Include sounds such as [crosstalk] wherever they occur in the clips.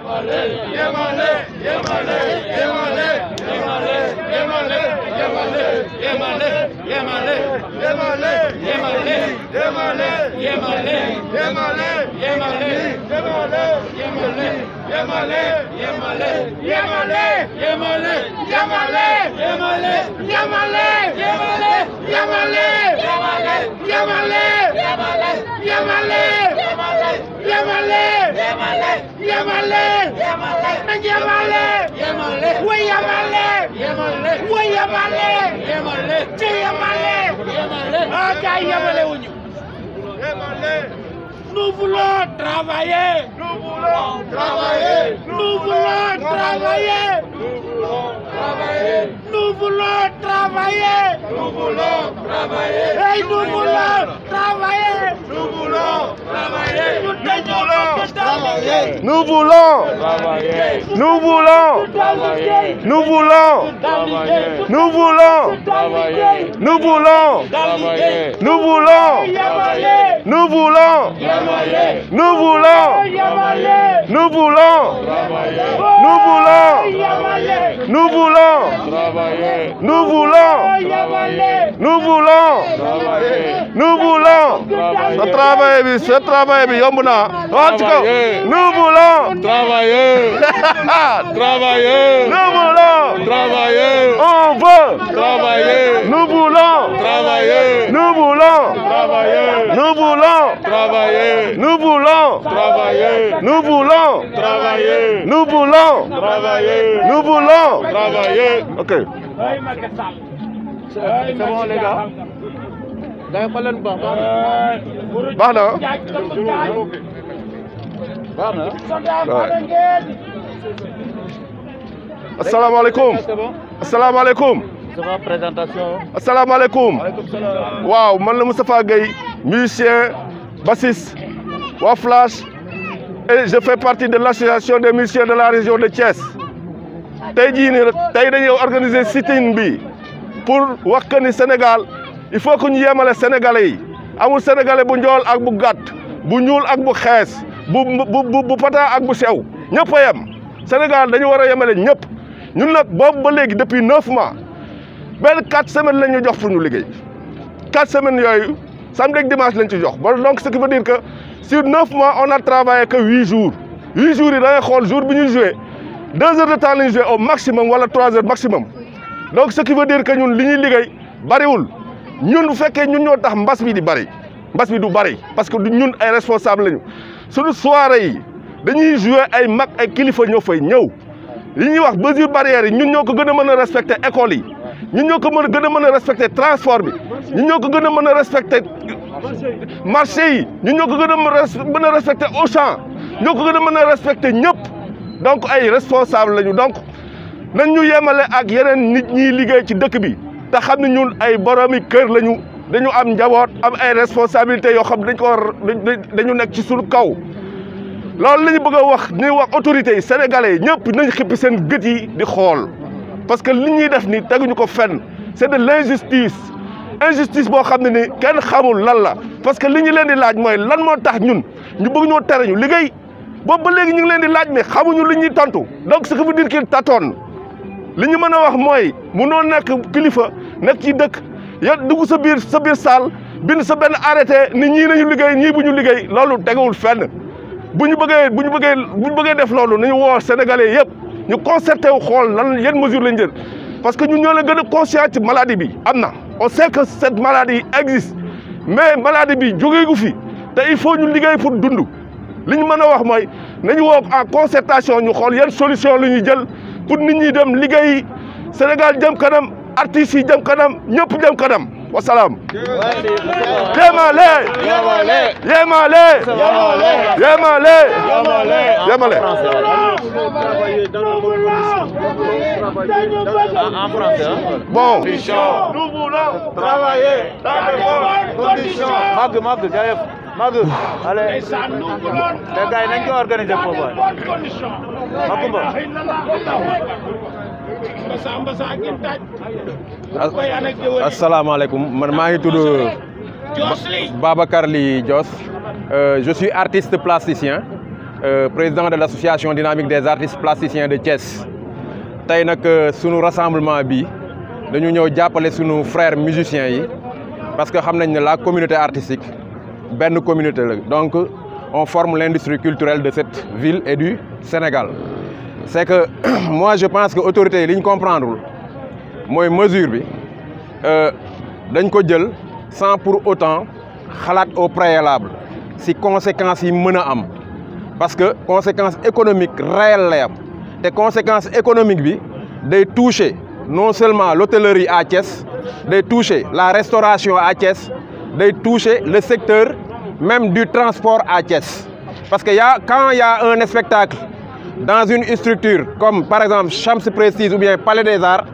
Yamale! Yamale! Yamale! Yamale! Nous voulons travailler. Nous voulons travailler. Nous voulons travailler. Nous voulons travailler. Nous voulons travailler. Nous voulons travailler. Nous voulons, nous voulons, nous voulons, nous voulons, nous voulons, nous voulons. Nous voulons. Nous voulons. Nous voulons. Nous voulons. Nous voulons. Nous voulons. Nous voulons. Nous voulons. Ce travail, ce travail, Nous voulons. Travailler. Travailler. Nous voulons. Travailler. On veut. Travailler. Nous voulons. Travailler. Nous voulons. Nous voulons travailler. Nous voulons travailler. Nous voulons travailler. Nous voulons travailler. Nous voulons travailler. OK. C'est bon les gars. bana. Bana. baax alaikum. na baax présentation Waouh, man la Moustapha Gueye musiciens, bassistes, Waflas et je fais partie de l'association des musiciens de la région de Thiès. Aujourd'hui, nous organisé sitting pour voir que Sénégal, il faut que nous aille les Sénégalais. Il y a des Sénégalais qui sont très bons, qui sont très bons, qui sont très bons, qui sont très bons. Tout Sénégal, nous devons y aller tous. Nous sommes là depuis 9 mois. Nous 4 semaines pour nous travailler. 4 semaines, samedi donc ce qui veut dire que sur 9 mois on a travaillé que 8 jours 8 jours il da jour heures de temps au maximum wala 3 heures maximum donc ce qui veut dire que nous liñuy ligay bariwul ñun parce que nous ay responsable lañu suñu soirée nous dañuy joué ay mag ay kilifa ñoo fay ñew Nous wax barrière nous ñun école ñun ñoo ko mën a gën a mën a respecté transport bi ñun ñoo ko gën a mën a respecté marché yi ñun ñoo ko gën a mën a respecté Auchan ñoo ko gën a mën a respecté ñëpp donc ay responsable lañu donc nañ ñu yemale ak yeneen nit ñiy liggéey ci dëkk bi te xam ne ñun ay boromi kër lañu dañu am njaboot am ay responsabilités yoo xam dañ ko dañu nekk ci suñu kaw loolu la ñu bëgg a wax ñuy wax autorité yi sénégalais yi ñëpp nañ xippi seen gët yi di xool parce que li ñuy def ni teguñu ko fenn c'est de l'injustice injustice boo xam ne ni kenn xamul lan la parce que li ñu leen di laaj mooy lan moo tax ñun ñu bëgg ñoo tere ñu liggéey boobu ba léegi ñu ngi leen di laaj mais xamuñu li ñuy tontu donc ce qui veut dire qu'il li ñu mën a wax mooy noon nekk kilifa nekk ci dëkk ya dugg sa biir sa biir saal bind sa benn arrêté ni ñii nañu liggéey ñii bu ñu liggéey loolu tegewul fenn bu ñu bëggee bu ñu bëggee bu ñu bëggee def loolu ni ñu woo sénégalais yëpp. ñu concerté wu xool lan yan mesure lañ jël parce que ñun ñoo la gën a conscient ci bi am na on sait que maladi maladie existe mais maladie bi jógee gu fi te il faut ñu liggéey pour dundu li ñu mën a wax mooy nañu woo en concertation ñu xool yan solution la ñuy jël pour nit ñi dem liggéey Sénégal jëm kanam artistes yi jëm kanam ñëpp jëm kanam Wassalam. Yemale. Yemale. Yemale. Yemale. Yemale. Yemale. En français. Bon. Nous voulons travailler dans de bonnes conditions. Mag, mag, Jaïf. Mag, allez. Les gars, ils n'ont qu'à organiser pour moi. Makumba. Euh, je suis artiste plasticien euh, président de l'association dynamique des artistes plasticiens de Thiès Tay nak euh, sunu rassemblement bi dañu ñëw sous nos frères musiciens parce que nous la communauté artistique communauté la donc on forme l'industrie culturelle de cette ville et du Sénégal c'est que [clears throat] moi je pense que l'autorité elle li comprend comprendre moi mesure euh, sans pour autant khalat au préalable si conséquences yi parce que conséquences économiques réelles, réelles conséquences économiques, économiques de toucher non seulement l'hôtellerie à Thiès de toucher la restauration à Thiès de toucher le secteur même du transport à Thiès parce que y a quand y a un spectacle dans une structure comme par exemple Champs Prestige ou bien Palais des Arts,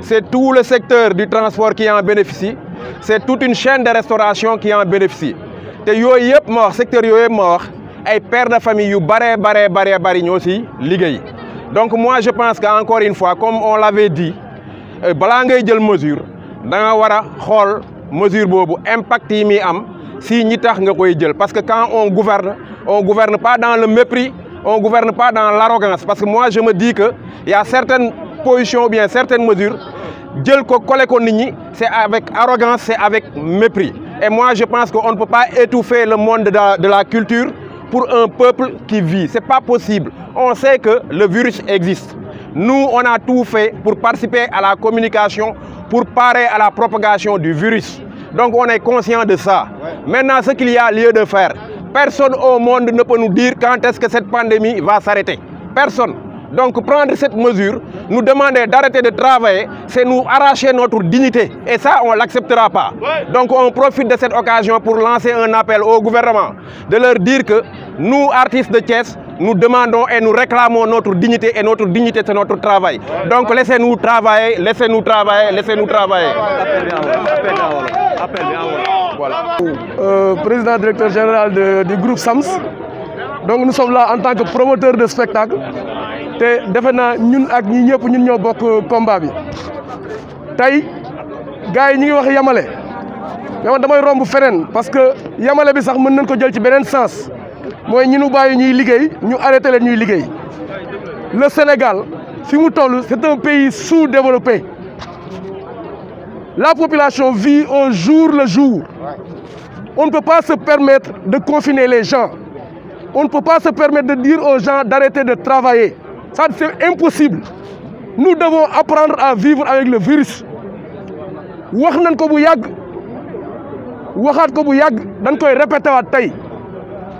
c'est tout le secteur du transport qui en bénéficie, c'est toute une chaîne de restauration qui en bénéficie. te secteur est mort, et wax pères de famille yu Baré Baré Baré donc moi je pense qu'encore une fois comme on l'avait dit euh, balaa de jël mesure da mesure impact am si parce que quand on gouverne on gouverne pas dans le mépris on ne gouverne pas dans l'arrogance. Parce que moi, je me dis qu'il y a certaines positions ou bien certaines mesures, c'est avec arrogance, c'est avec mépris. Et moi, je pense qu'on ne peut pas étouffer le monde de la, culture pour un peuple qui vit. Ce n'est pas possible. On sait que le virus existe. Nous, on a tout fait pour participer à la communication, pour parer à la propagation du virus. Donc, on est conscient de ça. Maintenant, ce qu'il y a lieu de faire, Personne au monde ne peut nous dire quand est-ce que cette pandémie va s'arrêter. Personne. Donc prendre cette mesure, nous demander d'arrêter de travailler, c'est nous arracher notre dignité. Et ça, on ne l'acceptera pas. Donc on profite de cette occasion pour lancer un appel au gouvernement, de leur dire que nous, artistes de Thiès, nous demandons et nous réclamons notre dignité et notre dignité c'est notre travail. Donc laissez-nous travailler, laissez-nous travailler, laissez-nous travailler. Euh, président directeur général du groupe SAMS. Donc nous sommes là en tant que promoteurs de spectacle. et nous ñun ak ñi ñëpp ñun ñoo combat bi gars yi parce que yamale bi sax nañ ko sens le Sénégal c'est un pays sous-développé la population vit au jour le jour on ne peut pas se permettre de confiner les gens on ne peut pas se permettre de dire aux gens d'arrêter de travailler ça c'est impossible nous devons apprendre à vivre avec le virus wax nañ ko bu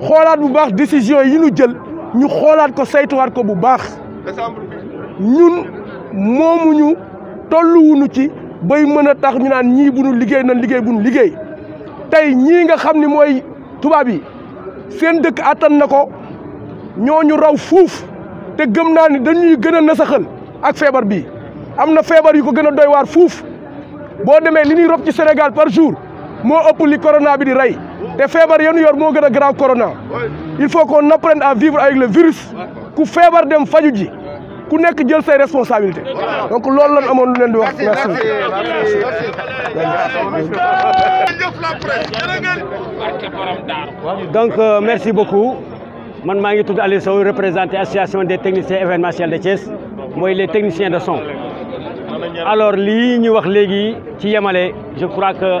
xoolaat bu baax décision yi ñu jël ñu xoolaat ko saytuwaat ko bu baax ñun moomuñu tolluwuñu ci bay mën a tax ñu naan ñii bu ñu liggéey nan liggéey bu ñu liggéey tey ñii nga xam ni mooy tubaab yi seen dëkk attan na ko ñoo ñu raw fuuf te gëm naa ni dañuy gën a nasaxal ak feebar bi am na feebar yu ko gën a doy fuuf boo demee li ñuy rob ci Sénégal par jour Moi, ëpp li corona bi di rey te feebar yenu yor mo gëna grave corona il faut qu'on apprenne à vivre avec le virus ku feebar dem faju ji ku nek jël say responsabilité donc loolu lañ amoon lu leen di wax merci. donc euh, merci beaucoup man ma ngi tudd Aliou Sow représenté association des techniciens événementiels de Thiès moy les techniciens de son alors li ñu wax légui ci yemale je crois que.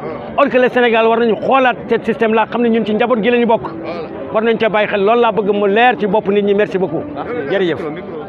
or Sénégal war nañu xoolaat ce système laa xam ne ñun ci njaboot gi la ñu bokk war nañ ca bàyyi xel loolu laa bëgg mu leer ci bopp nit ñi merci beaucoup jërëjëf